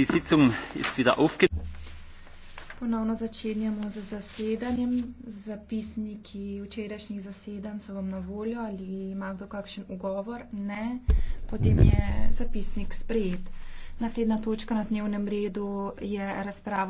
Die Sitzung ist wieder aufgenommen. Ponovno začenjamo z zasedanjem. Zapisniki včerajšnjih zasedanj so vam na voljo. Ali ima kdo kakšen ugovor? Ne. Potem je zapisnik sprejet. Naslednja točka na dnevnem redu je razprava.